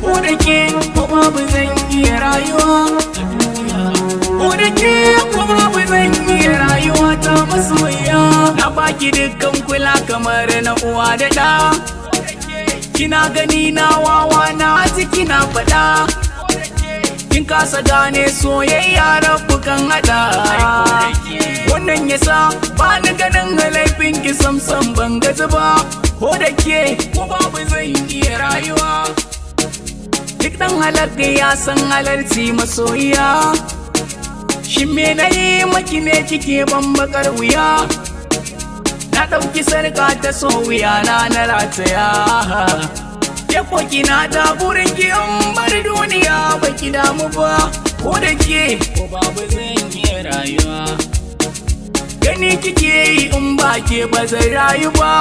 ko da ke zan iya rayuwa ta duniya ko da ke zan iya rayuwa ta masoya na baki dukkan kula kamar na uwa da ɗa kina gani na wawa na ji kina faɗa kin kasa gane soyayya rabu kan hada wannan yasa ba ni ganin laifin ki samsam ban gaji ba ko da ke dan halakka ya san halarci masoyiya shi me na yi maki ne kike ban bakar wuya na ɗauki sarka ta so wuya na na rataya ya koki na ta burin ki an bar duniya baki damu ba ko da ke ko babu zan iya rayuwa gani kike yi in ba ke ba zan rayu ba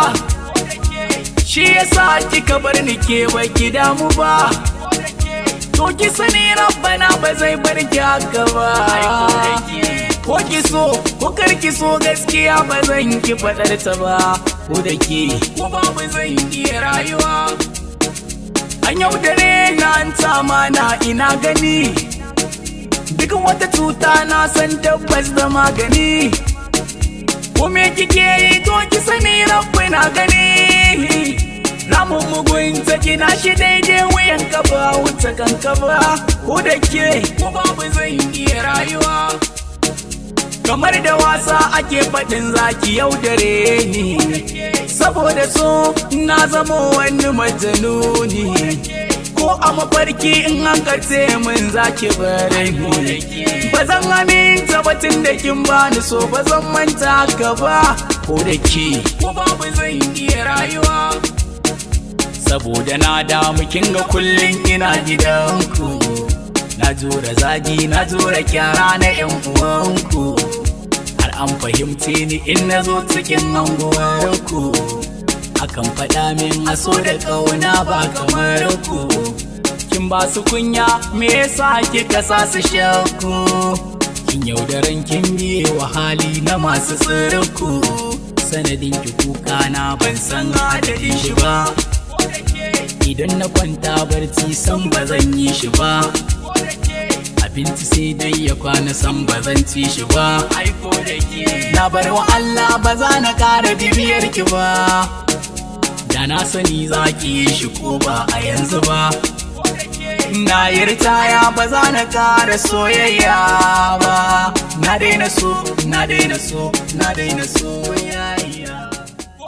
shi yasa kika bar ni ke ki damu ba To ki rabba rabbana ba zai bar ki ba Ko ki so ko kar ki so gaskiya ba zan ki fadar ta ba Ko da ke ko babu zan iya rayuwa An yau dare na an mana ina gani Duk wata cuta na san tabbas da magani Ko me kike yi to ki sani rabbana gani kina shi daidai wuyan gaba wuta kan gaba ko da ke ko babu zan iya rayuwa kamar da wasa ake faɗin zaki yau dare ni saboda so na zama wani majanuni ko a mafarki in an karce min zaki bare ni ba zan aminta ba tun da kin bani so ba zan manta ka ba ko da ke ko babu zan iya rayuwa saboda na damu kin ga kullum ina gidanku na jura zagi na jura kyara na yan uwanku har an fahimce ni in na zo cikin anguwarku akan faɗa min aso da ƙauna ba kamar ku kin ba su kunya me yasa kika sa su shakku kin yaudaran kin biye wa hali na masu tsirinku sanadin ki kuka na ban san adadin shi ba idan na kwanta barci san ba zan yi shi ba abinci sai dai ya kwana san ba zan ci shi ba na bar wa Allah ba za na kara bibiyar ki ba da na sani za ki yi shi ko ba a yanzu ba na yi ritaya ba za na kara soyayya ba na daina so na daina so na daina so yaya ko